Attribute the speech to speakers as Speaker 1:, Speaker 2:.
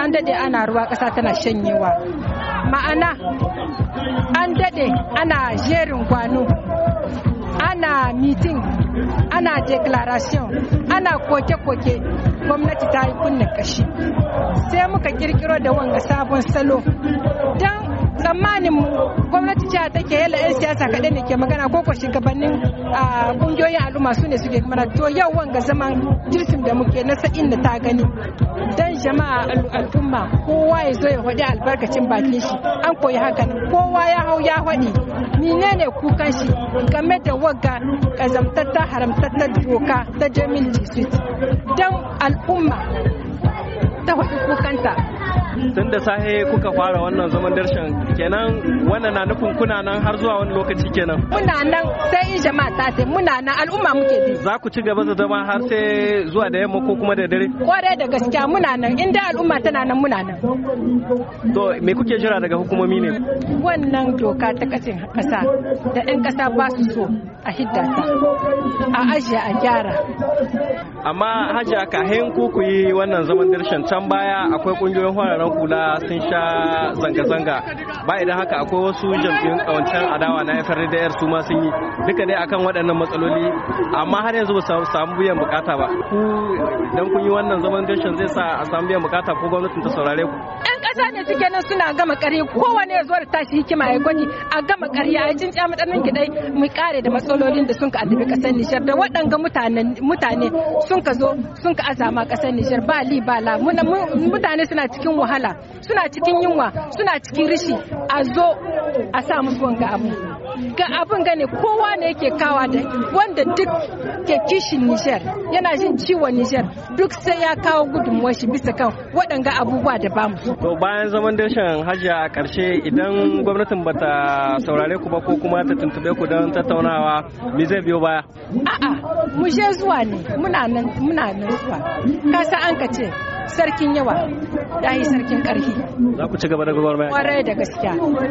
Speaker 1: an dade ana ruwa ƙasa tana shanyewa ma'ana an dade ana jerin gwano ana mitin ana declaration ana koke-koke gwamnati ta yi kunna kashi sai muka kirkiro da wanga sabon salo don tsammanin gwamnati ta take yalla 'yan siyasa kaɗai ne ke magana ko ko shugabannin kungiyoyin al'umma su ne suke mana to yau wanga zaman jirgin da muke na sa'in da ta gani dan jama'a al'umma kowa ya zo ya faɗi albarkacin bakin shi an koyi haka kowa ya hau ya faɗi ne kukan shi game da wagga kazamtattar haramtattar doka ta jamil jisut dan al'umma ta faɗi kukanta
Speaker 2: tun da sahe kuka fara wannan zaman darshan kenan wannan na nufin kuna nan har zuwa wani lokaci kenan
Speaker 1: muna nan sai in jama'a ta sai muna nan al'umma muke bi
Speaker 2: za ku ci gaba da zama har sai zuwa da yamma ko kuma da dare
Speaker 1: kwarai da gaskiya muna nan in dai al'umma tana nan muna nan
Speaker 2: to me kuke jira daga hukumomi ne
Speaker 1: wannan doka ta kasin kasa da ɗan kasa ba su so a hidda ta a ajiye a gyara
Speaker 2: amma hajiya kahin ku ku yi wannan zaman darshan can baya akwai kungiyoyin horarren kula sun sha zanga-zanga ba idan haka akwai wasu jam'iyyun kawancin adawa na FRDR su ma sun yi duka dai akan waɗannan matsaloli amma har yanzu ba su samu biyan bukata ba ku idan kun yi wannan zaman gashin zai sa a samu biyan bukata ko gwamnatin ta saurare ku
Speaker 1: Kasa ne suke nan suna gama kare kowane ya zo da tashi hikima ya gwani a gama kare a jin tsamu ki dai mu kare da matsalolin da sun ka addabi Nijar da waɗanga mutane sun ka zo sun ka azama kasar Nijar ba li ba la mutane suna cikin wahala suna cikin yunwa suna cikin rishi a zo a sa musu wanga abu ga abin gane kowa ne yake kawa da wanda duk ke kishin Nijar yana jin ciwon Nijar duk sai ya kawo gudunmuwar shi bisa kan waɗanga abubuwa da ba mu. To
Speaker 2: bayan zaman dashen Hajji a ƙarshe idan gwamnatin bata saurare ku ba ko kuma ta tuntube ku don tattaunawa me zai biyo baya?
Speaker 1: A'a mu je zuwa ne muna nan muna nan zuwa. Kasa an ka ce sarkin yawa ya yi sarkin ƙarfi.
Speaker 2: Za ku ci gaba da gwamnati. Kwarai da
Speaker 1: gaskiya.